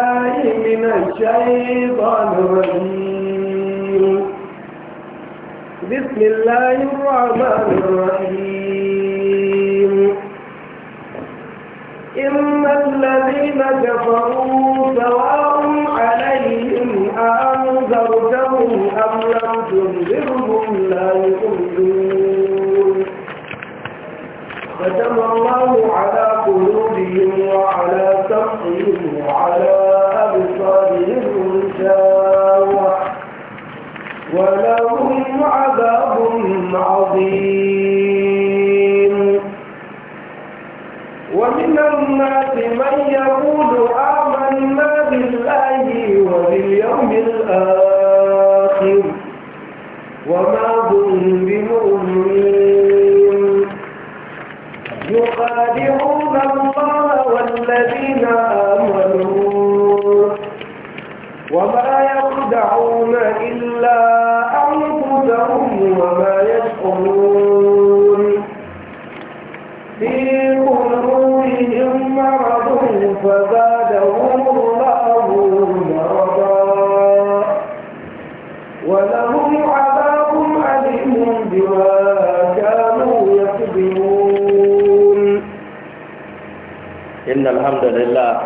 من الشيطان الرجيم بسم الله الرحمن الرحيم إن الذين كفروا سواء عليهم أنذرتهم أم لم تنذرهم لا يؤمنون ختم الله إلا أنفسهم وما يشعرون في قلوبهم مرض فزادهم الله مرضا ولهم عذاب أليم بما كانوا يكذبون إن الحمد لله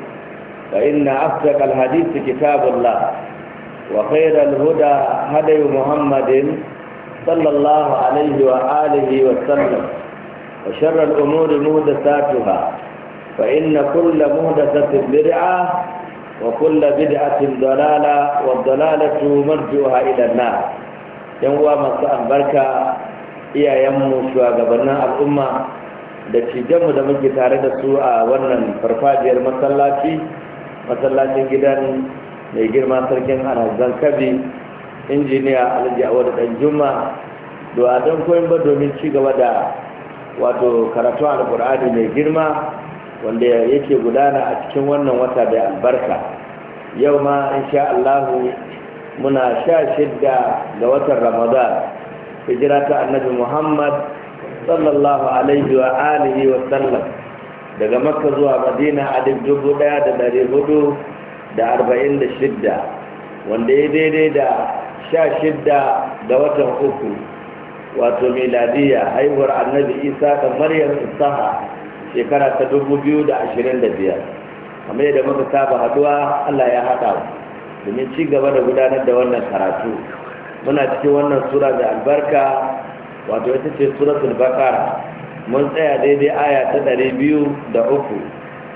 فإن أصدق الحديث كتاب الله وخير الهدى هدي محمد صلى الله عليه وآله وسلم وشر الأمور مهدساتها فإن كل مهدسة بدعة وكل بدعة ضلالة والضلالة مرجوها إلى النار ينوى مساء بركة إيا يمو شوى قبلنا الأمة da cijanmu da muke tare da su a wannan farfajiyar masallaci masallacin gidan mai girma sarkin anazan kabi injiniya alhaji awar dan juma da don koyon ba domin ci gaba da wato karatu alkur'ani mai girma wanda yake gudana a cikin wannan wata da albarka yau ma insha allahu muna sha shidda ga watan ramadan hijira ta annabi muhammad sallallahu alaihi wa alihi wa sallam daga makka zuwa madina duk dubu daya da dari hudu da arba'in da shidda wanda ya daidai da sha shidda da watan uku wato miladiya haihuwar annabi isa da maryam isaha shekara ta dubu biyu da ashirin da biyar kamar yadda muka saba haduwa allah ya haɗa domin ci gaba da gudanar da wannan karatu muna cikin wannan sura da albarka wato ita ce suratul bakara mun tsaya daidai aya ta ɗari biyu da uku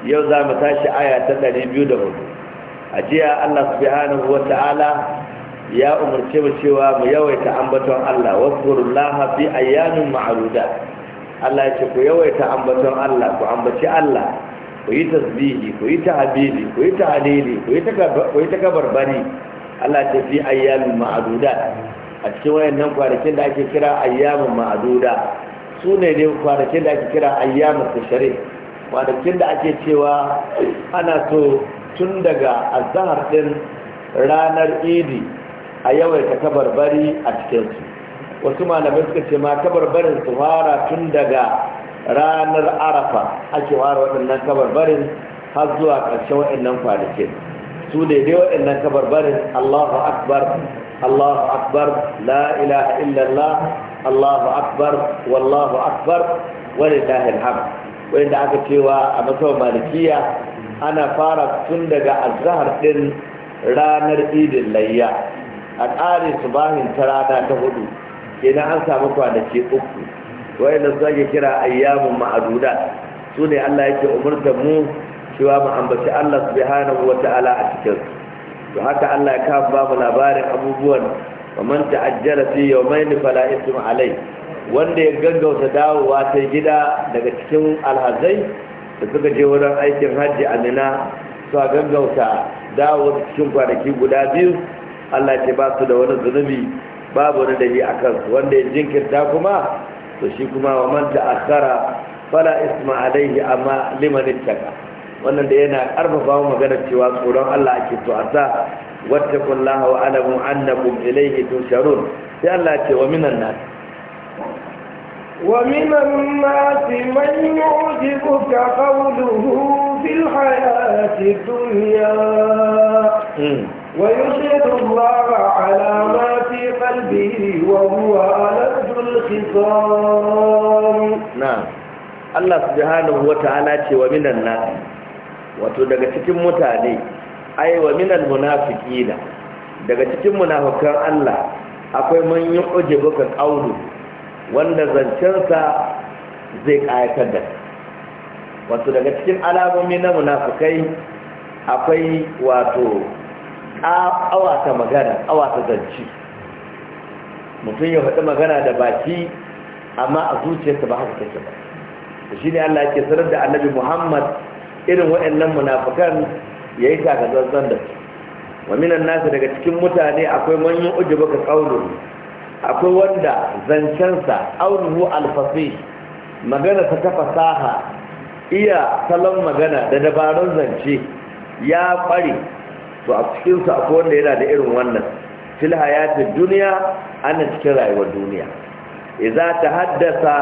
yau za mu tashi aya ta ɗari biyu da hudu a jiya allah subhanahu wa ta'ala ya umarce mu cewa mu yawaita ambaton allah wasfurullaha fi ayyamin ma'aruda allah ya ce ku yawaita ambaton allah ku ambaci allah ku yi tasbihi ku yi ta'abili ku yi ta'alili ku yi takabarbani allah ya ce fi ayyamin ma'aduda a cikin wayannan kwanakin da ake kira ayyamin ma'aduda su ne ne kwanakin da ake kira ayyamar tashare kwanakin da ake cewa ana so tun daga azahar din ranar idi a yawaita tabarbari a cikinsu wasu malamai suka ce ma tabarbarin su fara tun daga ranar arafa ake fara waɗannan tabarbarin har zuwa ƙarshen waɗannan kwanakin su daidai waɗannan tabarbarin allahu akbar allahu akbar la ilaha illallah Allahu akbar wallahu akbar walillahi alhamd wanda aka cewa a masawar malikiya ana fara tun daga azhar din ranar idin layya a ƙarin subahin ta rana ta hudu kenan an samu kwanaki uku wayanda su ake kira ayyamun ma'aduda su ne Allah yake umarta mu cewa mu ambaci Allah subhanahu wata'ala a cikin Su haka Allah ya kafa babu labarin abubuwan ومن fi yau mai فلا إثم alai wanda ya gaggauta dawowa ta gida daga cikin alhazai da suka je wurin aikin hajji a nina su a gaggauta dawowa cikin kwanaki guda biyu allah ce ba su da wani zunubi babu wani dahi a kansu wanda ya jinkirta kuma to shi kuma wa ta akara fala isma alaihi amma limanin caka wannan da yana karfafa magana cewa tsoron allah ake so a sa واتقوا الله واعلموا انكم اليه تنشرون يا الله تي ومن الناس ومن الناس من يعجبك قوله في الحياة الدنيا ويشهد الله على ما في قلبه وهو ألد الخصام نعم الله سبحانه وتعالى ومن الناس وتدقى تكم متعليك ai wa minal munafiqina daga cikin munafikan Allah akwai man yu'jibu ka qawlu wanda zancensa zai kayatar da wato daga cikin alamomi na munafikai akwai wato awata magana awata zanci mutum ya faɗi magana da baki amma a zuciyarsa ba haka take ba shi ne Allah ke sanar da annabi Muhammad irin waɗannan munafikan ya yi takazanzan da su wa minan nasu daga cikin mutane akwai manyan uji baka ƙaunin akwai wanda zancensa aunuhu alfasi magana ta fasaha iya salon magana da dabarun zance ya kware to a cikinsu akwai wanda yana da irin wannan Filha ya hayatin duniya ana cikin rayuwar duniya iza ta haddasa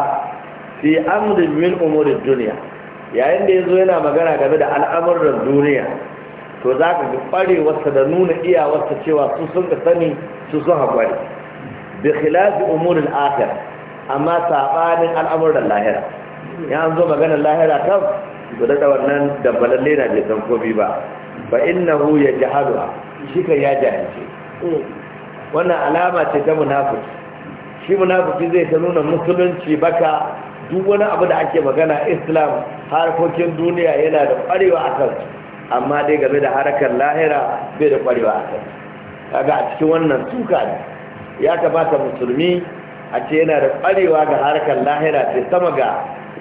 fi amurin min umurin duniya yayin da ya zo yana magana game da al'amuran duniya to za ka ga ƙwarewarsa da nuna iyawarsa cewa su sun ka sani su sun haƙwari bi khilafi umurin akhir amma saɓanin al'amuran lahira ya an zo maganar lahira kan guda da wannan dabbalalle na bai san komi ba fa innahu yajhaluha shi kan ya jahilce wannan alama ce ta munafuki. shi munafuki zai ta nuna musulunci baka duk wani abu da ake magana islam harkokin duniya yana da ƙwarewa a kansu amma dai game da harakar lahira bai da kwarewa a kai kaga a cikin wannan suka ne ya kamata musulmi a ce yana da kwarewa ga harakar lahira ce sama ga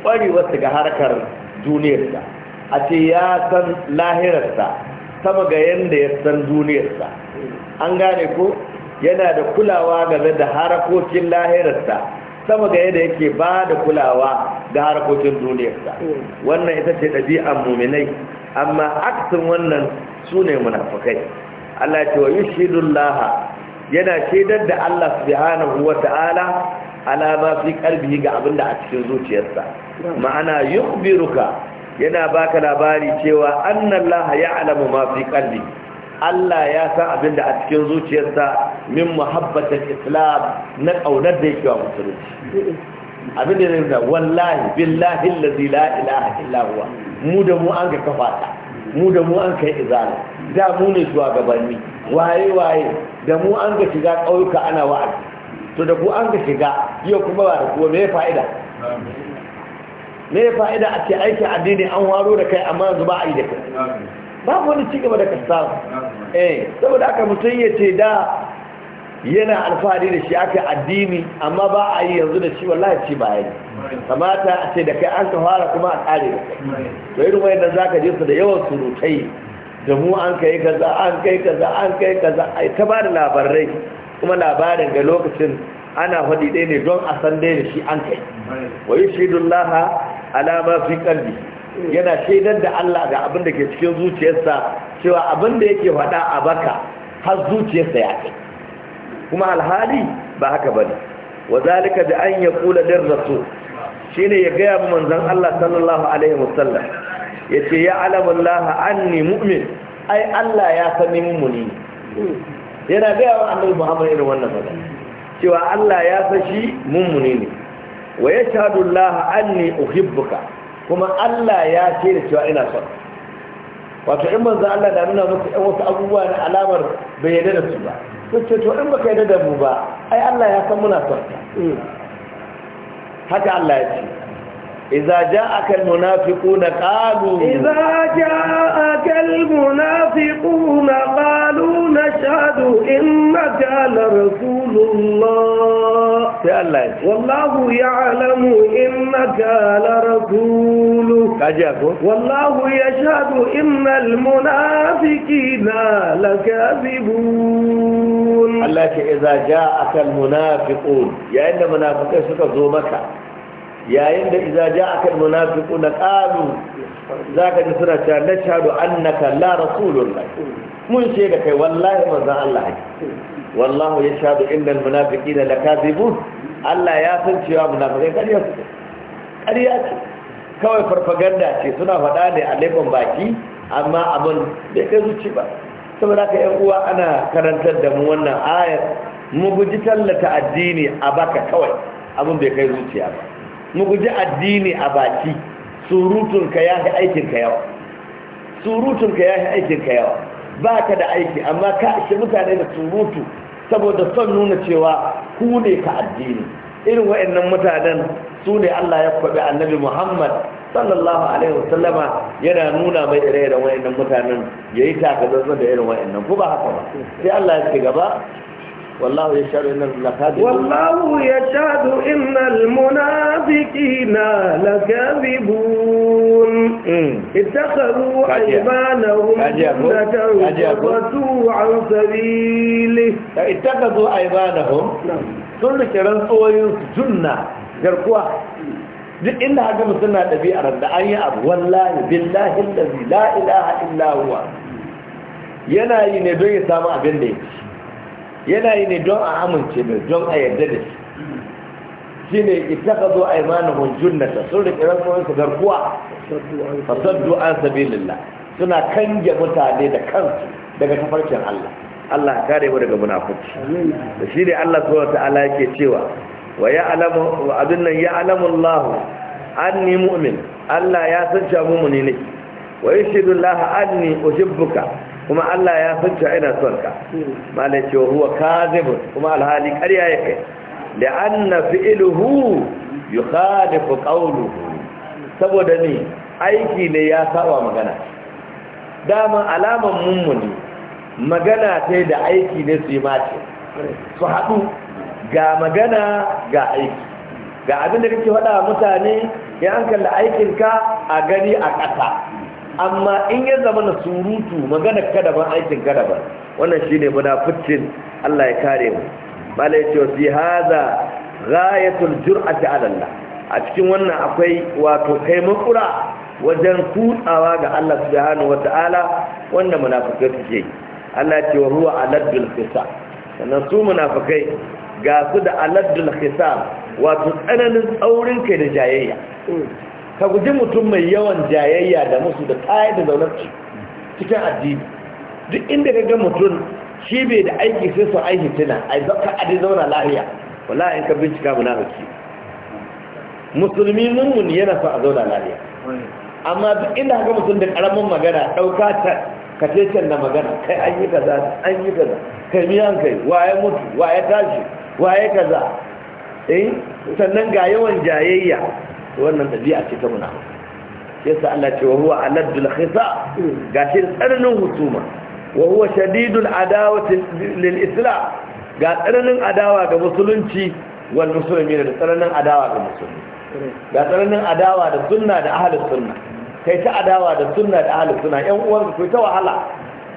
kwarewarsa ga harakar duniyarsa a ce ya san lahirarsa sama ga yadda ya san duniyarsa an gane ko yana da kulawa game da harakokin lahirarsa sama ga yadda yake ba da kulawa ga harakokin duniyarsa wannan ita ce ɗabi'an muminai amma aksin wannan su ne munafukai Allah ce wa yushidullah yana shaidar da Allah subhanahu wata'ala ala ma fi qalbihi ga abinda a cikin zuciyarsa ma'ana yukhbiruka yana baka labari cewa annallaha ya'lamu ma fi qalbi Allah ya san abinda a cikin zuciyarsa min muhabbatil islam na kaunar da yake wa musulunci abinda ne wallahi billahi allazi la ilaha illa huwa mu da mu an ga kafa ta mu da mu an kai izala da mu ne gabanni waye waye da mu an ga shiga ƙauyuka ana wa'azi to da ku an ga shiga yau kuma ba da kuwa me fa'ida me fa'ida a ce aiki addini an waro da kai amma yanzu ba a yi da kai babu wani cigaba da ka eh saboda aka mutum ya ce da yana alfahari da shi aka addini amma ba a yi yanzu da shi wallahi ci ba yi kamata a ce da kai an ka fara kuma a kare da kai to irin wayannan zaka je su da yawan surutai da mu an kai kaza an kai kaza an kai kaza ai ta ba da labarai kuma labarin ga lokacin ana faɗi ɗaya ne don a san ɗaya da shi an kai wa yushidullaha laha alama fi kalbi yana shaidar da Allah ga abin da ke cikin zuciyarsa cewa abin da yake faɗa a baka har zuciyarsa ya kai kuma alhali ba haka bane wazalika da an yaqula lir rasul shine ya gaya mu manzon Allah sallallahu alaihi wasallam yace ya Laha an anni mu'min ai Allah ya sani mummuni yana gaya wa annabi Muhammad irin wannan magana cewa Allah ya san shi mummuni ne wa ya yashhadu Allah anni uhibbuka kuma Allah ya ce da cewa ina son wato in manzo Allah da nuna musu wasu abubuwa na alamar bayyana da su ba sun ce to in baka yarda da mu ba ai Allah ya san muna son ka eh. haka Allah ya ce إذا جاءك المنافقون قالوا إذا جاءك المنافقون قالوا نشهد إنك لرسول الله والله يعلم إنك لرسول والله يشهد إن المنافقين لكاذبون الله إذا جاءك المنافقون يا إن منافقين سكزوا مكة yayin da idza na almunafiquna qalu zaka ji suna cewa na shahadu annaka la rasulullah mun ce da kai wallahi manzon Allah wallahu yashhadu da munafiqina lakazibun Allah ya san cewa munafiqai kariya su kariya ce kawai farfaganda ce suna faɗa ne a laifin baki amma abin bai kai zuci ba saboda ka yan uwa ana karantar da mu wannan ayar mu guji tallata addini a baka kawai abin bai kai zuciya ba mu guji addini a baki surutunka ya fi aikinka yawa surutunka ya fi aikinka yawa ba ka da aiki amma ka ishe mutane da surutu saboda son nuna cewa ku ne ka addini irin wa'annan mutanen su ne Allah ya kwabi annabi Muhammad sallallahu alaihi wasallama yana nuna mai ire-iren wa'annan mutanen yayi takazantsan da irin wa'annan ku ba haka ba sai Allah ya ce gaba والله يشهد إن المنافقين والله يشهد إن المنافقين لكاذبون اتخذوا أيمانهم سنة وصدوا عن سبيله اتخذوا أيمانهم سنة رنسوا يسجنة جركوا duk inda haka suna ɗabi'ar da an yi abu wallahi billahi la ilaha illa huwa yana yi ne don ya samu abin da yake yana yi ne don a amince mai don a yarda da shi shi ne ita ka zo a mana hujjun na sun riƙe rasuwar su garkuwa fasaddu an sabi lillah suna kange mutane da kansu daga tafarkin Allah Allah kare mu daga munafuci da shi ne Allah subhanahu ta'ala yake cewa wa alamu wa abin nan alamu Allah ni mu'min Allah ya san cewa mu'mini ne wa yashhadu an ni ushibbuka kuma Allah ya san cewa ina son ka malai cewa huwa kazibun kuma alhali ƙarya ya kai da anna fi'luhu yukhalifu qawluhu saboda ni aiki ne ya saba magana dama alaman mummuni magana sai da aiki ne su yi mace su haɗu ga magana ga aiki ga abin da kake faɗa mutane ya an kalla aikinka a gani a ƙasa amma in ya zama na surutu maganar kada ba aikin kada ba wannan muna munaficcin Allah ya kare mu bala ce wa fi haza ghayatul jur'ati ala Allah a cikin wannan akwai wato kai makura wajen kutsawa ga Allah subhanahu wataala wanda munafukai suke Allah ce wa huwa aladul hisab sannan su munafikai ga su da aladul hisab wato tsananin tsaurin kai da jayayya ka guji mutum mai yawan jayayya da musu da kayan da zaunarci cikin addini duk inda ka ga mutum shi bai da aiki sai su aiki tuna a zaka adi zauna lahiya wala in ka bincika munafiki musulmi mun yana so a zauna lahiya amma duk inda haka mutum da karamin magana dauka ta ka tecen da magana kai an yi kaza an yi kaza kai an kai waye mutu waye tashi waye kaza eh sannan ga yawan jayayya wannan dabi'a ce ta Ya yasa Allah ce wa huwa aladul khisa gashi tsananin husuma wa huwa shadidul adawati lil islam ga tsananin adawa ga musulunci wal musulmi da tsananin adawa ga musulmi ga tsananin adawa da sunna da ahli sunna kai ta adawa da sunna da ahli sunna Ƴan uwan ku ta wahala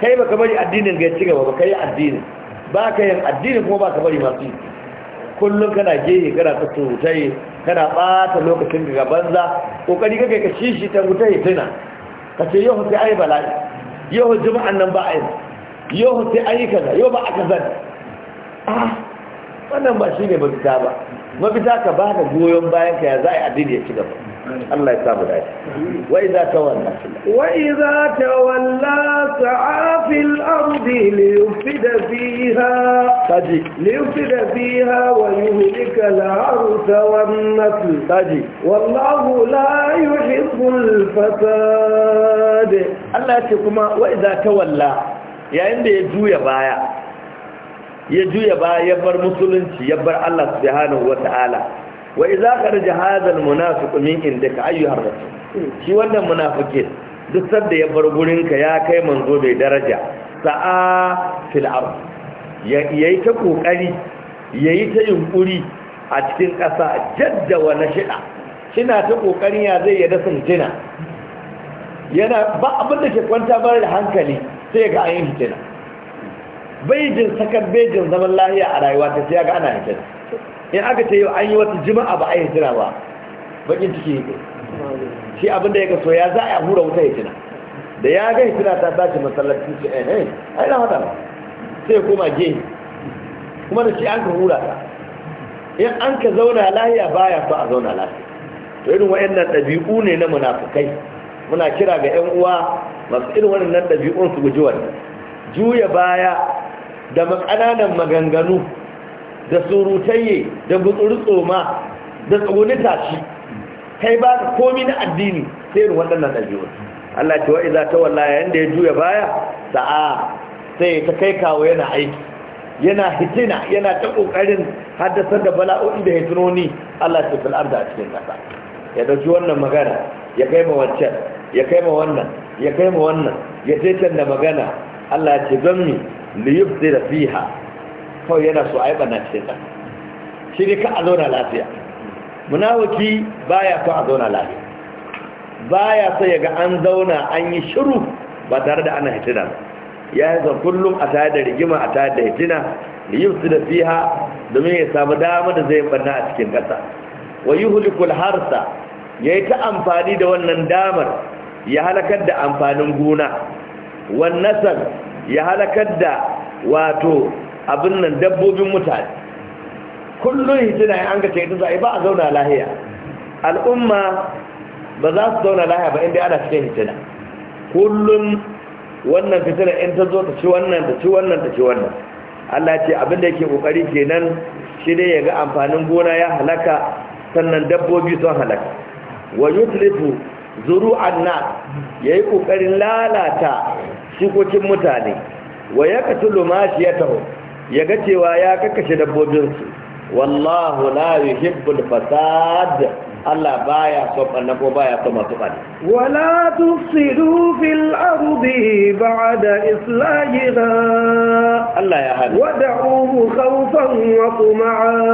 kai baka bari addinin ga ya ci gaba ba kai addini ba ka yin addini kuma ba ka bari masu yi kullum kana gehe kana ta tutaye kana bata lokacin ga banza kokari kake ka shishi ta mutaye tana ka ce yau sai ai bala'i yau juma'an nan ba ai yau sai ai kaza yau ba aka zan ah wannan ba shine mafita ba mafita ka ba da goyon bayan ka ya za a yi addini ya ci gaba Allah ya samu dai wa idza tawalla wa idza tawalla sa'a fil ardi li yufida fiha kaji liyufsida fiha wa yuhlika al-harth wa an-nasl kaji wallahu la yuhibbu al-fasad Allah ce kuma wa idza tawalla yayin da ya juya baya ya juya baya ya bar musulunci ya bar Allah subhanahu wa ta'ala wa idza kharaja hadha al-munafiq min indaka ayyuhar rasul shi wannan munafikin duk sanda ya bar gurinka ya kai manzo bai daraja sa'a fil ardh ya yi ta ƙoƙari ya yi ta yunƙuri a cikin ƙasa jaddawa na shida shina ta ƙoƙari ya zai yada dasa hitina yana ba abin da ke kwanta bar da hankali sai ga an yi hitina bejin sakar bejin zaman lahiya a rayuwa ta sai ga ana hitina in aka ce yau an yi wata jima'a ba a yi hitina ba bakin ciki yake shi abin da ya kaso ya za a hura wuta hitina da ya ga hitina ta tashi masallaci su eh eh ai na hada ba sai koma gehe kuma da shi an ka hura ta in an ka zauna lahiya baya fa a zauna lahiya to irin waɗannan ɗabi'u ne na munafukai muna kira ga ƴan uwa masu irin waɗannan ɗabi'un su guji wannan juya baya da makananan maganganu da surutayye da gutsuri da tsogoni tashi kai ba komi na addini sai irin waɗannan ɗabi'un Allah ce wa za ta walla yayin ya juya baya sa'a sai ta kai kawo yana aiki yana hitina yana ta kokarin haddasar da bala'o'i da hitinoni Allah ta fil arda a cikin kasa ya dauki wannan magana ya kai ma wancan ya kai ma wannan ya kai ma wannan ya can da magana Allah ya ce don mi zai yubdira fiha kawai yana so yi ɓanna cikin ƙasa shi ne ka a zauna lafiya munawaki baya so a zauna lafiya baya so ya ga an zauna an yi shiru ba tare da ana hitina ba ya yi kullum a tare da rigima a tare da hitina da yi su da fiha domin ya samu dama da zai barna a cikin ƙasa wa yi hulikul harsa ya yi ta amfani da wannan damar ya halakar da amfanin gona wannan ya halakar da wato abin nan dabbobin mutane kullum hitina ya an ga ta yi ba a zauna lahiya al'umma ba za su zauna lahiya ba inda ana cikin hitina kullum wannan fitina in ta zo ta ci wannan ta ci wannan ta ci wannan Allah ce abin da yake kokari kenan shi ne ya amfanin gona ya halaka sannan dabbobi sun halaka wa yutlifu zuru'an nas yayi kokarin lalata shikokin mutane wa yaqtulu ma yaga cewa ya kakkashe dabbobinsu wallahu la yuhibbul fasad Allah baya son ɓanna ko baya son masu ɓanna. Wala tufsidu fil ardi ba'da islahiha Allah ya hada. Wada'uhu khawfan wa tuma'a.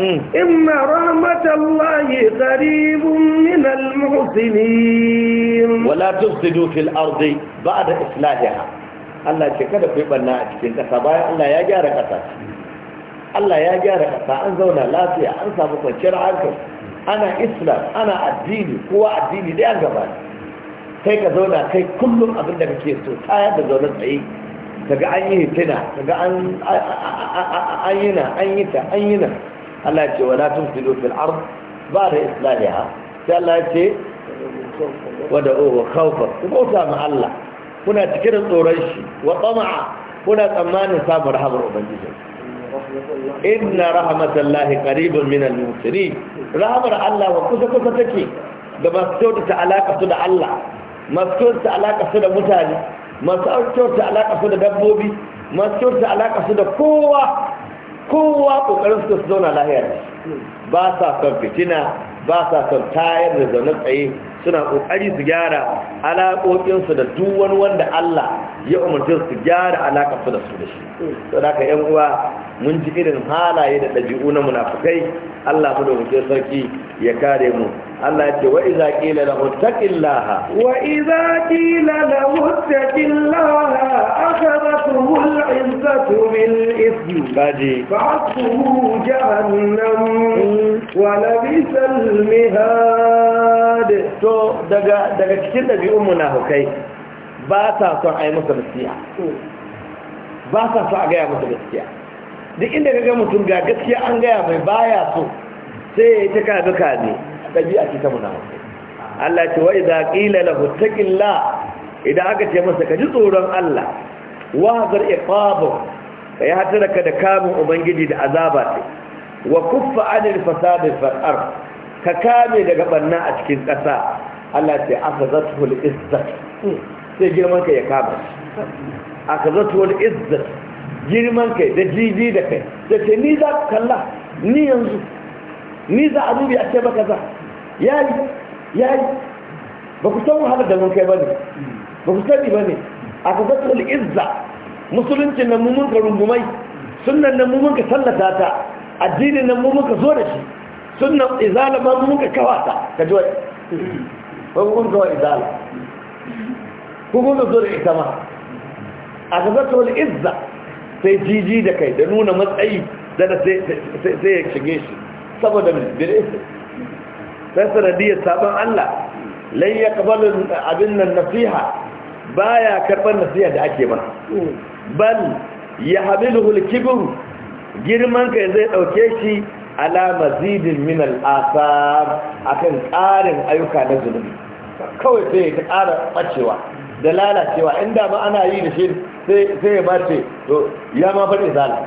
Hmm. Inna rahmatallahi qaribun min al-muhsinin. Wala tufsidu fil ardi ba'da islahiha. Allah ce kada ku yi ɓanna a cikin ƙasa bayan Allah ya gyara ƙasa. Allah ya gyara ƙasa an zauna lafiya an samu kwanciyar hankali. ana islam ana addini kowa addini dai an gaba sai ka zauna kai kullum abin da kake so tsaya da zaune tsaye daga an yi hitina daga an yi na an yi ta an yi na Allah ce wala tun filo fil ard ba da islamiha sai Allah ce wada owa kawfar ku bauta ma Allah kuna cike da tsoron shi wa tsama'a kuna tsammanin samun rahamar ubangiji inna rahmatallahi qaribun minal muslimin rahmar Allah wa kusa kusa take ga masu kyautata alaka su da Allah masu kyautata alaka su da mutane masu kyautata alaka su da dabbobi masu kyautata alaka su da kowa kowa kokarin su zauna lahiya ba sa son fitina ba sa son tayar da zaune tsaye suna kokari su gyara alaƙoƙinsu da duwan wanda Allah ya umarce su gyara alaƙarsu da su da shi So da ka yan uwa mun ji irin halaye da ɗabi'u na munafukai Allah mu da sarki ya kare mu Allah ya ce wa iza qila lahu taqillaha wa iza qila lahu taqillaha akhadathu al-izzatu bil ithmi kaji fa'athu jahannam mm. wa labisa al-mihad to daga daga cikin dabi'un hukai ba sa son ai musu nasiha ba sa so a gaya musu gaskiya duk inda ga mutum ga gaskiya an gaya mai baya so sai ya yi ta kaga kaji ɗabi'a ce ta munafikai Allah ce wa idza na lahu taqilla idan aka ce masa ka ji tsoron Allah wa zar iqabu kai ka da kamun ubangiji da azaba ce wa kuffa anil fasadi far'ar, ka kame daga banna a cikin ƙasa Allah ce aka akhazatuhu al-izzat sai girman ka ya kama akhazatuhu al-izzat girman kai da jiji da kai da ce ni za ku kalla ni yanzu ni za a dubi a ce baka za ya yi ya yi ba ku san wahalar da mun kai ba ne ba ku sani ba ne a kasatul izza musuluncin nan mun ka rungumai sunan nan mun ka sallata ta addinin nan mun ka zo da shi sunan izala ma mun ka kawata ka ji wai ba mun izala ko mun ka zo da ita ma a kasatul izza sai jiji da kai da nuna matsayi da sai ya shige shi saboda bil Sai sanadiyar sabon Allah lan yaqbalu abin nan nasiha baya karban nasiha da ake mana bal ya al-kibr girman kai zai ɗauke shi alama zidin min al-asar akan ƙarin ayyuka na zunubi kawai sai ta ƙara ɓacewa da lalacewa inda ma ana yi da shi sai ya bace to ya ma bari izala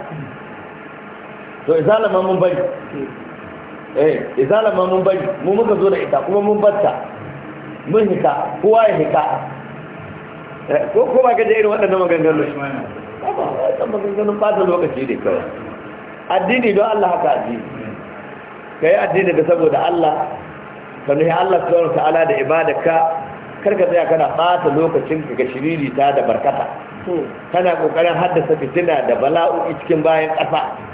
to izala ma mun bari eh izala ma mun bari mu muka zo da ita kuma mun batta mun hika kowa ya hika eh, ko ko ba ka je irin waɗannan ma ba maganganun ɓata lokaci ne kawai addini don Allah haka addini ka yi addini da saboda Allah ka nuhi Allah sauran ta'ala da ibadarka karka tsaya kana ɓata lokacinka ga shiriri ta da barkata hmm. kana ƙoƙarin haddasa fitina da bala'o'i cikin bayan ƙasa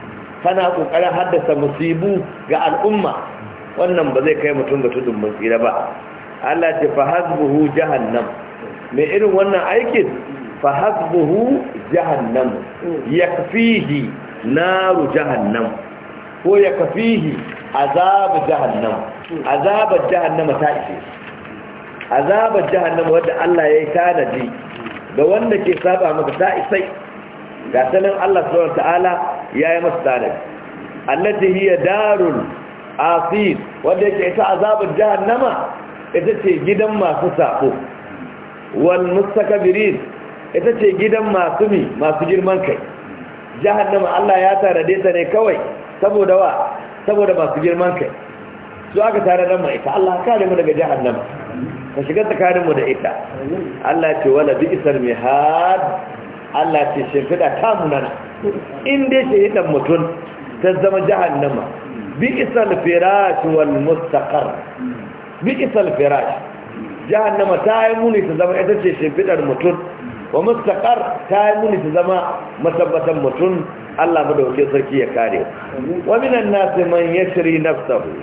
kana kokarin haddasa musibu ga al'umma wannan ba zai kai mutum ga tudun mun ba Allah ce fa hasbuhu jahannam me irin wannan aikin fa hasbuhu jahannam yakfihi naru jahannam ko yakfihi azab jahannam azab jahannam ta ce azab jahannam wanda Allah ya tanadi ga wanda ke saba maka ta isai ga sanin Allah subhanahu wa ta'ala ya yi masu tsanani allati hiya darul asir wanda yake ita azabar jahannama ita ce gidan masu sako wal Birin, ita ce gidan masu mi masu girman kai jahannama Allah ya da ta ne kawai saboda wa saboda masu girman kai su aka tara nama ita Allah kare mu daga jahannama ka shiga tsakanin mu da ita Allah ya ce wala isar mihad Allah ce shimfiɗa ta munana in dai shaidan mutum ta zama jahannama bi isal firash wal mustaqar bi isal firash jahannama ta yi muni ta zama ita ce shimfiɗar mutum wa mustaqar ta yi muni ta zama matabbatan mutum Allah madaukakin sarki ya kare wa minan nasi man ya yashri nafsahu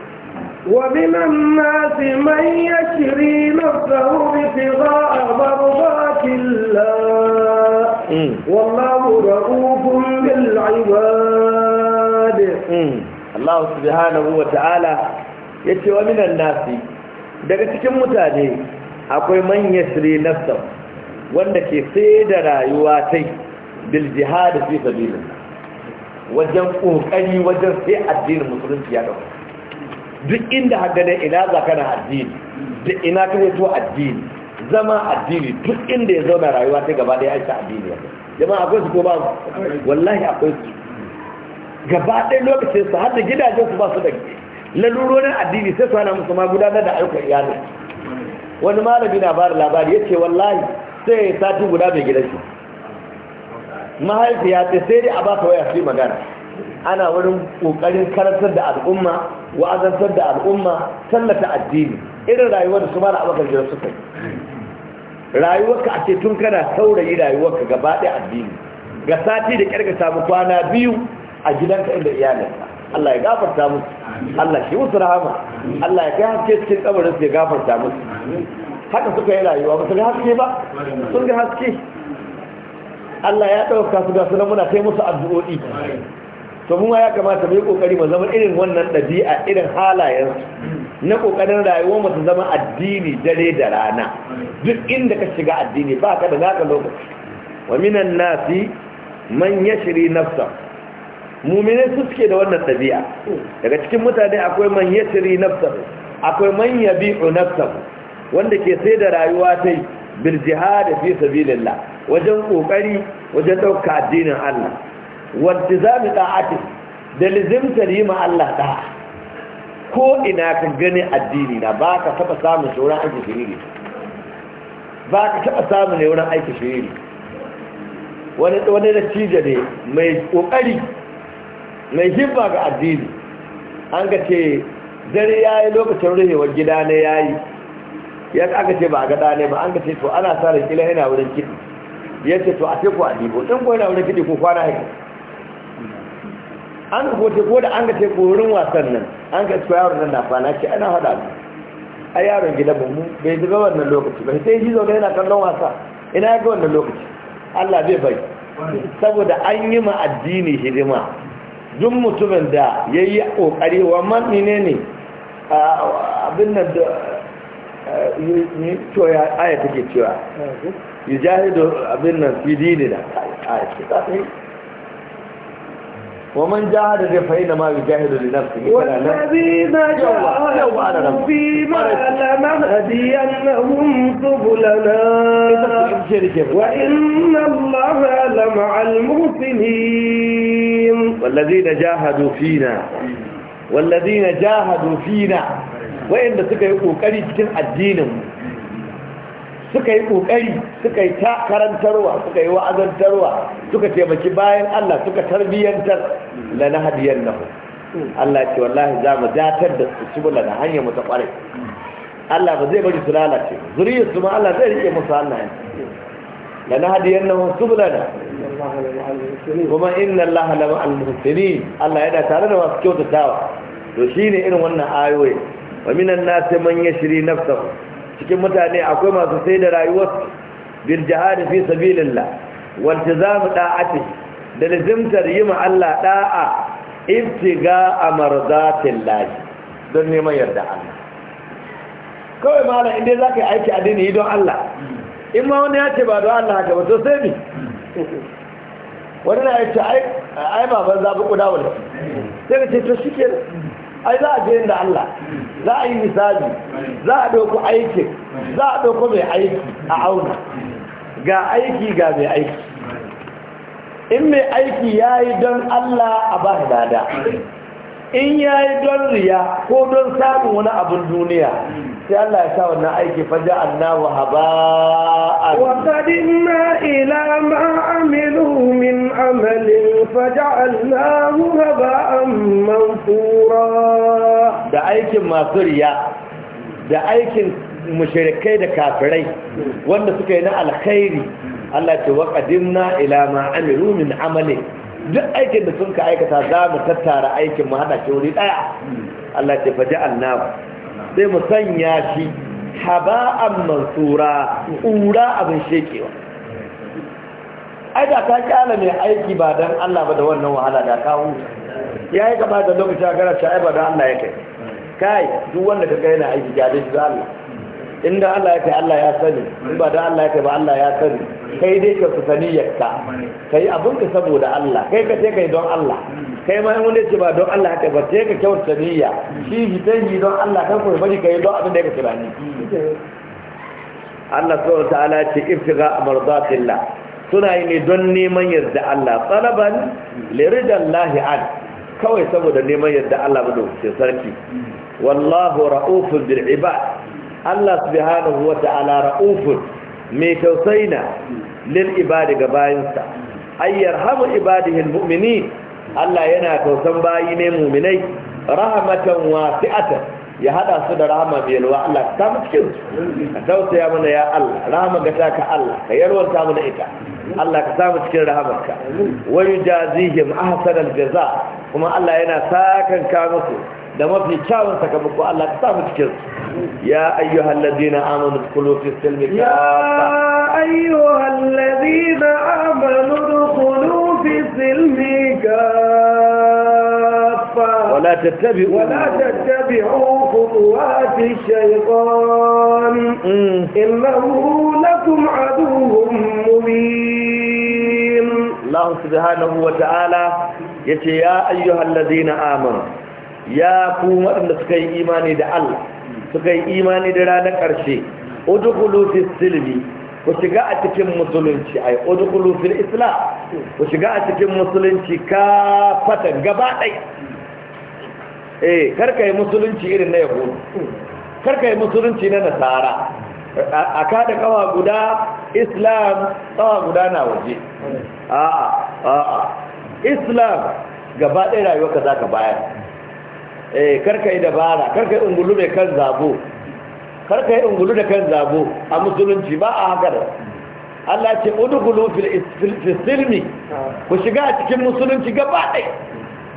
ومن الناس من يشري نفسه ابتغاء مرضات الله والله رؤوف بالعباد الله سبحانه وتعالى wa ta'ala الناس wa minan daga cikin mutane akwai man yasri nafsa wanda ke sai da rayuwa tai bil jihad fi sabilillah wajen kokari wajen sai addinin musulunci ya dauka duk inda haka ne ina zakana addini duk ina ka to addini zama addini duk inda ya zauna rayuwa ta gaba da ya aisha addini ya jama'a akwai su ko ba wallahi akwai su gaba ɗaya lokacin su har gidajen su ba su da lalurorin addini sai su hana musu ma gudanar da ayyukan iyalin wani malami na bada labari ya ce wallahi sai ya sati guda mai gidan shi mahaifiya ta sai dai a ba ta waya su magana ana wurin kokarin karantar da al'umma wa'azantar da al'umma tallata addini irin rayuwar da su da abokan jiran suka yi rayuwarka a ce tun kana saurayi rayuwarka gaba ɗaya addini ga sati da ƙyar ka samu kwana biyu a gidanka inda iyalinka Allah ya gafarta musu Allah shi musu rahama Allah ya kai haske cikin kabarin su ya gafarta musu haka suka yi rayuwa ba su ga haske ba sun ga haske Allah ya ɗauka su ga suna muna kai musu addu'o'i to mu ya kamata mu yi kokari mu zama irin wannan ɗabi'a irin halayen na kokarin rayuwa mu zama addini dare da rana duk inda ka shiga addini ba ka da naka lokaci wa minan nasi man yashri nafsa mu'minin su suke da wannan tabi'a daga cikin mutane akwai man yashri nafsa akwai man yabi'u nafsa wanda ke sai da rayuwa ta bil jihad fi sabilillah wajen kokari wajen dauka addinin Allah wa iltizami ta'ati da lazimta yi ma Allah da'a ko ina ka gani addini na ba ka taɓa samun shi aiki shiriri ba ka taɓa samun ne wurin aiki shiriri wani da cije ne mai ƙoƙari mai himma ga addini an ga ce dare ya yi lokacin rihewar gida ne ya yi ya aka ce ba a gada ne ba an ga ce to ana sa da kila yana wurin kiɗi ya ce to a teku a dibo ɗin ko yana wurin kiɗi ko kwana haka an goce ko da an ga korin wasan nan an ga cewa yaron nan na fana ce ana hada mu a yaron ba mu bai zuba wannan lokaci ba sai shi zaune yana kallon wasa ina ya ga wannan lokaci Allah bai bai saboda an yi ma addini hidima duk mutumin da ya yi ƙoƙari wa man ne ne abin nan da ne cewa aya take cewa yi jahidu abin nan fi dini da aya ce ta ومن جاهد فإنما يجاهد لنفسه والذين جاهدوا فيما لنهدينهم سبلنا وإن الله لمع المحسنين والذين جاهدوا فينا والذين جاهدوا فينا وإن سكا يقول الدين suka yi ƙoƙari suka yi ta karantarwa suka yi wa'azantarwa suka taimaki bayan Allah suka tarbiyyantar da na hadiyar hu Allah ce wallahi za mu datar da su ci da hanyar mu ta ƙware Allah ba zai bari su lalace zuriyar su ma Allah zai rike musu Allah la na hadiyar nahu subulana kuma inna Allah lama al-muhsinin Allah yana tare da masu kyautatawa to shine irin wannan ayoyi wa minan nasi man yashri nafsahu cikin mutane akwai masu sai da rayuwarsu bil jihadi fi sabilillah wanda za mu da'ati da lazimtar yi ma Allah da'a ibtiga a marzatin lahi don neman yarda Allah kawai malam inda za ka yi aiki yi don Allah in ma wani ya ce ba don Allah haka ba to sai mi wani na yace ai ban zaɓi ƙuda wani sai ka ce to shi ke ai za a je inda Allah za a yi misali za a ɗauko aikin za a ɗauko mai aiki a auna ga aiki ga mai aiki in mai aiki ya yi don Allah a ba dada in ya yi don riya ko don samun wani abin duniya sai Allah ya sa wannan aiki faja anna wa haba wa na ila ma min amalin Allah. aikin masu riya da aikin mushirikai da kafirai wanda suka yi na alkhairi Allah ce wa qadimna min amale duk aikin da sun ka aikata za mu tattara aikin mu hada ce wuri daya Allah ce faji annabu sai mu sanya shi an mansura ura abin shekewa Aida ta kyala mai aiki ba dan Allah ba da wannan wahala da kawo yayi gaba da lokacin gara shi ba dan Allah yake kai duk wanda ka gaina aiki ga dai za Allah inda Allah ya kai Allah ya sani in ba da Allah ya kai ba Allah ya sani kai dai ka su sani yakka kai abin ka saboda Allah kai ka kai don Allah kai ma in wanda ce ba don Allah ka ba sai ka kyauta niyya shi yi don Allah kan ku bari kai don abin da ya kira ni Allah subhanahu ta'ala ce ibtiga mardatillah suna yi ne don neman yarda Allah tsalaban liridallahi an kawai saboda neman yarda Allah da sarki wallahu ra'ufun bil Allah subhanahu wa ta'ala ra'ufun mai tausaina lil ibadi ga bayansa ayyar hamu ibadihi almu'mini Allah yana tausan bayi ne mu'minai rahmatan wasi'atan ya hada su da rahama mai yalwa Allah ta mutukin su ka tausaya mana ya Allah rahama ka Allah ka yalwanta Allah ka cikin rahamarka wa yujazihim ahsanal jaza kuma Allah yana sakan ka musu دم في تشاور تكبك الله كتاب تشكر يا ايها الذين امنوا ادخلوا في السلم كافه يا ايها الذين امنوا ادخلوا في السلم كافه ولا تتبعوا ولا تتبعوا خطوات الشيطان انه لكم عدو مبين الله سبحانه وتعالى يا ايها الذين امنوا ya ku waɗanda suka yi imani da Allah suka yi imani da ranar ƙarshe udkhulu fi silmi ku shiga a cikin musulunci ai udkhulu fil islam ku shiga a cikin musulunci ka fata gaba ɗai eh karka yi musulunci irin na yabo karka yi musulunci na nasara a da kawa guda islam kawa guda na waje a a islam gaba ɗaya rayuwa ka za ka bayar eh karka yi dabara karka yi ungulu da kan zabo karka yi ungulu da kan zabo a musulunci ba a haka da Allah ce udugulu fil silmi ku shiga a cikin musulunci gaba ɗai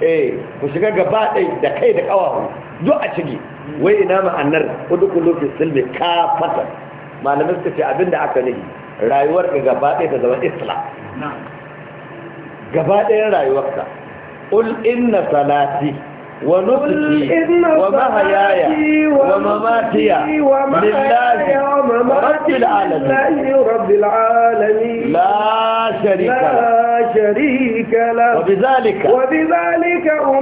eh ku shiga gaba ɗai da kai da ƙawahu duk a ciki wai ina ma'anar udugulu fil silmi ka fata malamin su ce abinda aka ne rayuwar ka gaba ɗai ta zama islam gaba ɗayan rayuwarka ul inna salati wa nusuki wa mahayaya wa mamatiya lillahi rabbil alamin la sharika la sharika la wa bidhalika wa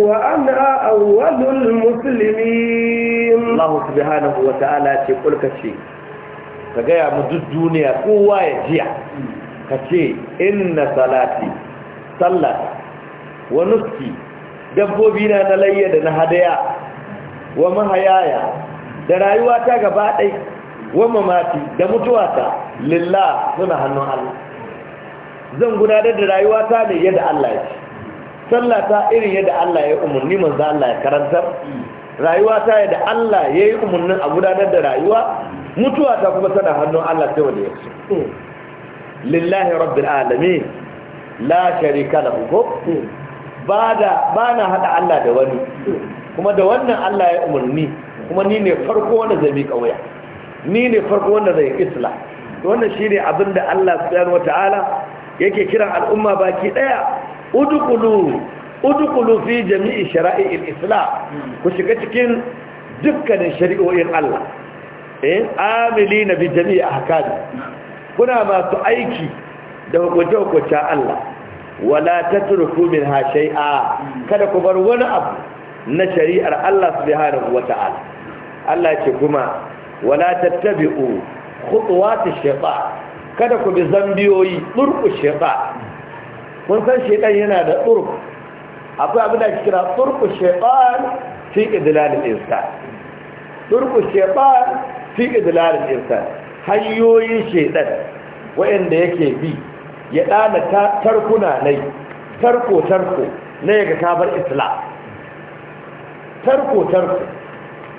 wa ana awwalul muslimin allah subhanahu wa ta'ala ce kulkaci kaga gaya mu duniya kowa ya jiya kace inna salati sallat wa nusuki dabbobi na na layya da na hadaya wa mahayaya da rayuwa ta gaba ɗai wa mamati da mutuwa ta lillah suna hannun Allah zan gudanar da rayuwa ta ne yadda Allah ya ce sallah ta irin yadda Allah ya umarni manzo Allah ya karantar rayuwa ta yadda Allah ya yi umarnin a gudanar da rayuwa mutuwa ta kuma tana hannun Allah sai wanda ya ce lillahi rabbil alamin la sharika lahu ba na haɗa Allah da wani kuma da wannan Allah ya umarni kuma ni ne farko wanda zai miƙa wuya ni ne farko wanda zai isla wannan shi ne abin da Allah subhanahu wata'ala yake kiran al'umma baki ɗaya udukulu udukulu fi jami'i shara'i'il islam ku shiga cikin dukkanin shari'o'in Allah eh amili na bi jami'i a kuna masu aiki da hukunce-hukuncen Allah wala tatruku minha shay'a kada ku bar wani abu na shari'ar Allah subhanahu wata'ala Allah ya ce kuma wala tattabi'u khutuwatish shaytan kada ku bi zambiyoyi turku shaytan kun san shaytan yana da turku akwai abin da kira turku shaytan fi idlalil insan turku shaytan fi idlalil insan hanyoyin shaytan wa'anda yake bi ya dana ta tarkuna nai tarko tarko na yaga sabar isla. tarko tarko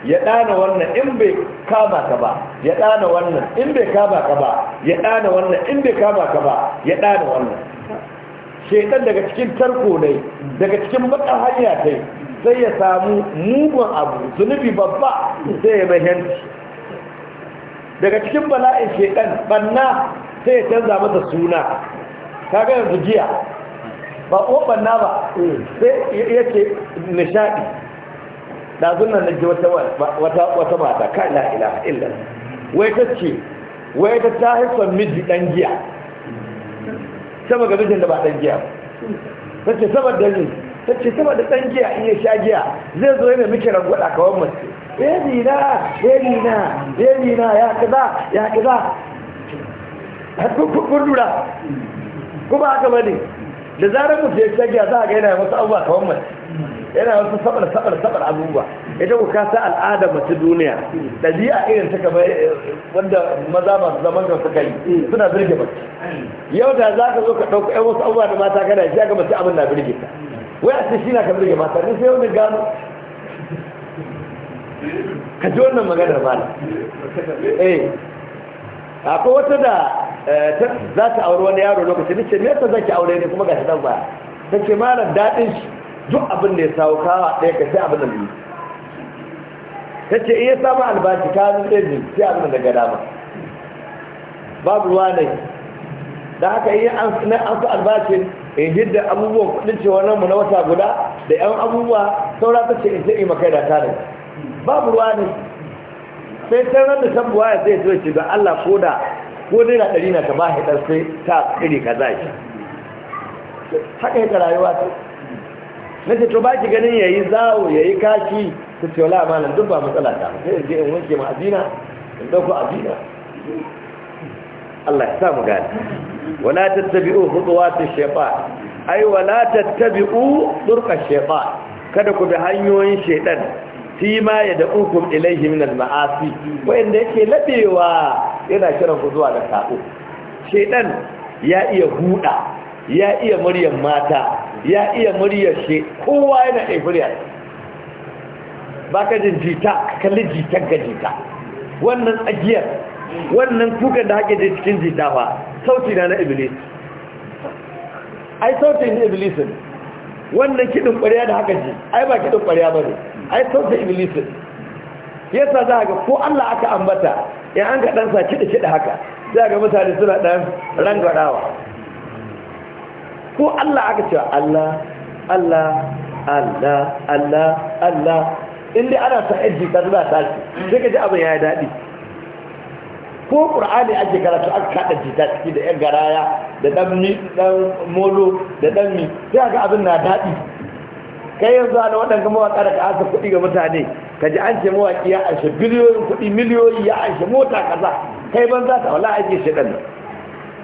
ya dana wannan in bai kama ka ba ya dana wannan in bai kama ka ba ya dana wannan in bai kama ka ba ya dana wannan shedan daga cikin tarko ne daga cikin bakan hanya tai sai ya samu mugun abu zunubi babba sai ya mahanci daga cikin bala'in shedan banna sai ya canza masa suna kaga yanzu giya ba ƙoɓar na ba sai yake nishaɗi da nan na ji wata mata ka ila ila illa wai ta ce wai ta ta haifar miji ɗan giya sama ga mijin da ba ɗan giya ba. ta ce saboda ne ta ce saboda ɗan giya in ya sha giya zai zo yana miki rangwada kawai mace bebi na bebi na bebi na ya kaza ya kaza har kun lura kuma haka bane da zarar mutum ya shagiya za a ga yana wasu abubuwa kawai mace yana wasu sabar sabar sabar abubuwa idan ku kasa al'ada mace duniya ɗabi'a irin ta kamar eh, wanda maza masu zaman kan suka yi suna birge mace yau da za ka zo ka ɗauka ɗan wasu abubuwa da mata kana shi ga mace abin na birge ta wai a ce shi na ka birge mata ni sai wani gano ka ji wannan maganar eh, akwai wata da Eh, za ta auri wani yaro lokaci ni ce mesa zaki aure ne kuma ga shi dan baya ta ce malam daɗin shi duk abin da ya sawo kawa ɗaya ka sai abin da ne ta ce iya samu albashi ka hannun ɗaya ne sai abin da gada ba babu ruwa ne da haka iya an su albashin in hidda abubuwan kudin cewa nan mu na wata guda da yan abubuwa saura ta ce in ce in makai da tare babu ruwa ne sai sai ran da san ya zai zo ce ga Allah ko da ko dai na ɗari na ta ba haɗar sai ta iri ka za shi haka yi ta rayuwa ta na ce to ba ki ganin ya yi zawo ya yi kaki ta ce wala amalan duk ba matsala ta sai je in wanke ma abina in ɗauko abina Allah ya sa mu gani wala tattabi'u ta shefa ai wala tattabi'u ɗurka shefa kada ku bi hanyoyin shaidan, fi ma yad'ukum ilayhi min al-ma'asi wanda yake labewa yana kiran ku zuwa ga sako shedan ya iya huda ya iya muryar mata ya iya muryar she kowa yana da muryar ka jin jita kalli jita ga jita wannan ajiyar wannan kukan da hake je cikin jita ba sauti na na iblis ai sautin iblis wannan kidin ƙwarya da haka ji ai ba kidin ƙwarya ne. ai sautin iblis yasa za ga ko Allah aka ambata in an ka ɗan sa kiɗa-kiɗa haka sai ga mutane suna ɗan rangarawa ko Allah aka cewa Allah Allah Allah Allah Allah inda ana sa yan jika suna tashi sai ka ji abin ya yi daɗi ko ƙur'ani ake karatu aka kaɗa jita ciki da yan garaya da ɗan molo da ɗan mi sai ga abin na daɗi kai yanzu ana waɗanda mawaƙa da ka asa kuɗi ga mutane ka ji an ce mawaƙi ya aishe biliyoyin kuɗi miliyoyi ya aishe mota kaza kai ban za ta wala a ji shaɗan nan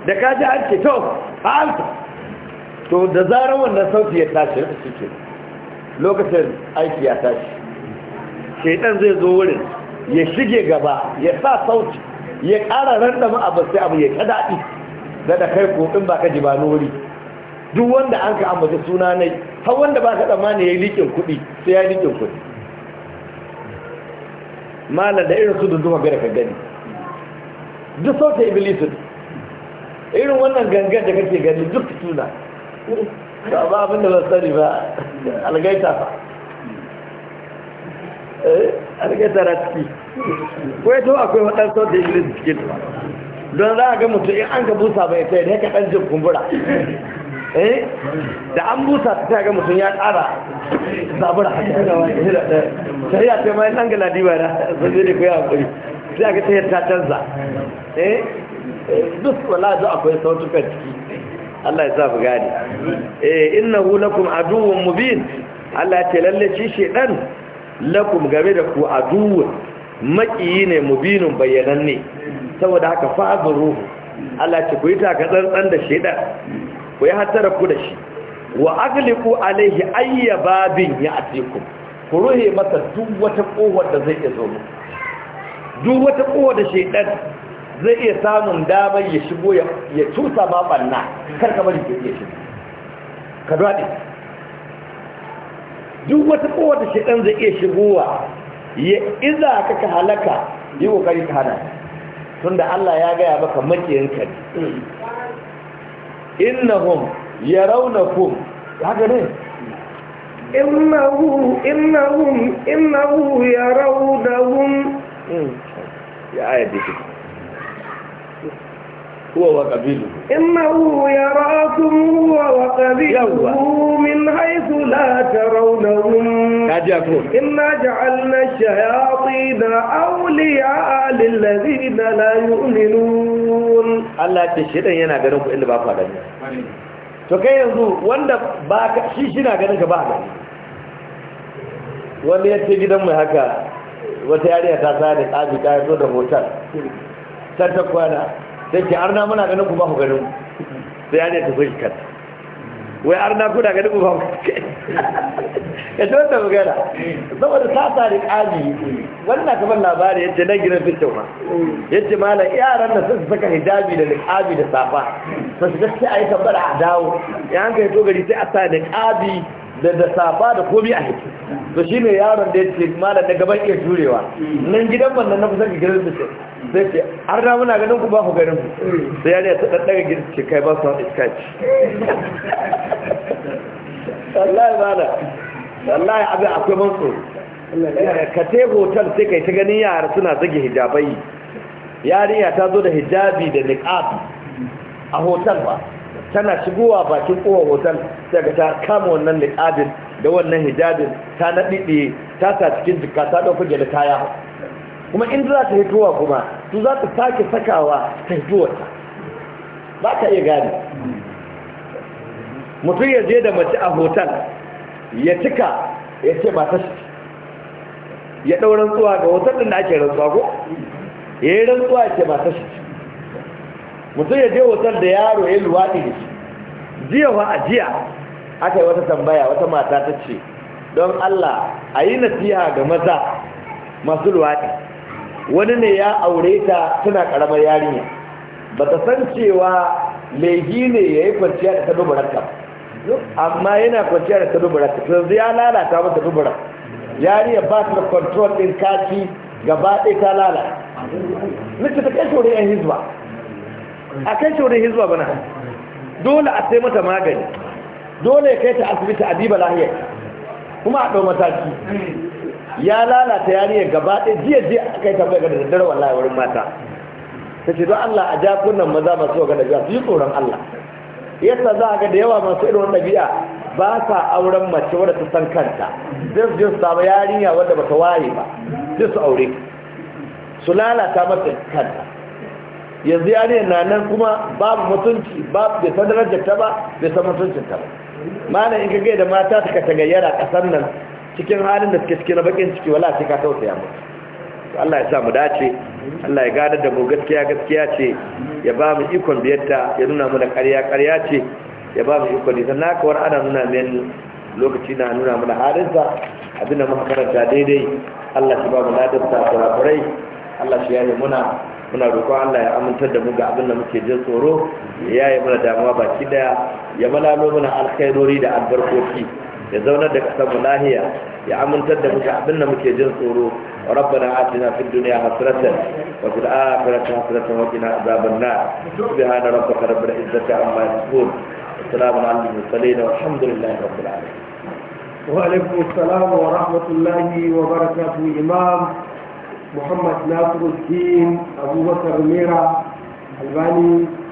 da ka ji an ce to a alta to da zarar wannan sauti ya tashi rufe suke lokacin aiki ya tashi shaidan zai zo wurin ya shige gaba ya sa sauti ya ƙara randama abu sai abu ya ta daɗi da da kai ko in ba ka ji ba nori duk wanda an ka ambata suna nai har wanda ba ka tsammani ya yi liƙin kuɗi sai ya yi liƙin kuɗi malar da irin su da zuwa gara ka gani duk sauta iblisun irin wannan gangan da kake gani duk suna ba ba abinda ba sani ba algaita eh algaita na ciki ko ya to akwai waɗansu sauta iblisu cikin don za a ga mutum in an ka busa bai sai da ya kaɗan jin kumbura eh da an busa ta ga mutum ya ƙara zabura haka sai ya ce ma yan angala diba na sun zai da kuya hankali sai aka ce ta canza eh, eh duk wala da akwai sautukan ciki Allah ya sa mu gane eh innahu lakum aduwwun mubin Allah ya ce lalle shi shedan lakum game da ku aduwwun maƙiyi ne mubinun bayyananne saboda haka fa'zuru Allah ya ce ku yi taka tsantsan da shedan ku yi hattara ku da shi wa agliku alaihi ayya babin ya atiku ku ruhe masa duk wata kowar da zai iya zo duk wata kowar da shedan zai iya samun damar ya shigo ya cusa ma banna kar ka bari ke iya ka ka dade duk wata kowar da shedan zai iya shigowa ya iza ka ka halaka yi kokari ka hana tunda Allah ya gaya maka makiyin ka innahum yarawnakum haka ne innahu innahum innahu yarawdahum ya ayati huwa wa qabilu innahu yarakum huwa wa qabiluhu min haythu la tarawnahum kaja ko inna ja'alna ash-shayatin awliya lil ladina la yu'minun Allah ce shedan yana ganin ku inda ba ku gani to kai yanzu wanda ba ganin ka ba gani wanda ya ce gidan mai haka wata yariya ta sa da tsabi ta yaso da hotel ta ta sai ce arna muna ganin ku ba ku ganin sai ya ne ta so kan wai arna da ganin ku ba ku ya ce wata bugara saboda sata da ƙaji wannan kamar labari yadda na gidan Yadda ma yace malam yaran da sun saka hijabi da niqabi da safa sun su gaske a yi tabbara a dawo ya hankali to gari sai a sa niqabi da da safa da komi a hiki to shine yaron da ce malam da gaban iya jurewa nan gidan wannan na kusa gidan fitin sai ce har na muna ganin ku ba ku ganin ku sai ne ta ɗaɗɗaga gidi ce kai ba su haɗe iska ce ba da. wallahi abin akwai manso ka te hotel sai kai ta ganin yara suna zage hijabai yarinya ta zo da hijabi da niqab a hotel ba tana shigowa bakin kowa hotel sai ka ta kama wannan niqabin da wannan hijabin ta naɗiɗe ta sa cikin jikka ta ɗauka gyale kaya kuma in za ta hitowa kuma su za ta sake sakawa ta zuwata ba ta iya gani mutum ya je da mace a hotel ya cika ya ce ba ta shi ya ɗau rantsuwa ga hotel ɗin da ake rantsuwa ko ya yi rantsuwa ya ce ba ta shi mutum ya je hotel da yaro ya luwaɗi da shi jiya wa a jiya aka yi wata tambaya wata mata ta ce don Allah a yi nasiha ga maza masu luwaɗi wani ne ya aure ta tana karamar yarinya ba ta san cewa laifi ne ya yi kwanciya da tabi baraka amma yana kwanciya da tabi baraka yanzu ya lalata mata tabi baraka yarinya ba ta da control ɗin kaci gaba ɗaya ta lalata mace ta kai shi yan hizba a kai shi hizba bana dole a sai mata magani dole ya kai ta asibiti a diba lahiyar kuma a ɗau mataki ya lalata yariyar gaba ɗaya jiya jiya a kai tambaya ga da daddare wallahi wurin mata ta ce don Allah a jakunan maza masu ga da su yi tsoron Allah yadda za a ga da yawa masu irin wani biya ba sa auren mace wadda ta san kanta zai su je su samu yarinya wadda ba ta waye ba zai su aure su lalata mata kanta yanzu yariyar na nan kuma babu mutunci babu bai san darajar ta ba bai san mutuncin ta ba mana in ka gaida mata suka tagayyara ƙasar nan cikin halin da suke cikin na bakin ciki wala sai ka tausaya mu Allah ya sa mu dace Allah ya gadar da mu gaskiya gaskiya ce ya ba mu ikon biyarta ya nuna mu da ƙarya ƙarya ce ya ba mu ikon da na kawar ana nuna min lokaci na nuna mu mana halinsa abinda muka karanta daidai Allah shi ba mu ladarsa kurakurai Allah shi yi muna muna roƙon Allah ya amintar da mu ga abin da muke jin tsoro ya yi mana damuwa baki daya ya malalo mana alkhairori da albarkoki ya zauna da kasar mu lahiya ya amintar da muka abin da muke jin tsoro rabbana atina fid dunya hasratan wa fil akhirati hasratan wa qina azaban nar subhana rabbika rabbil izzati amma yasifun assalamu alaykum alal mursalin alhamdulillahi rabbil alamin wa alaykum assalam wa rahmatullahi wa barakatuh imam muhammad nasiruddin abubakar mira albani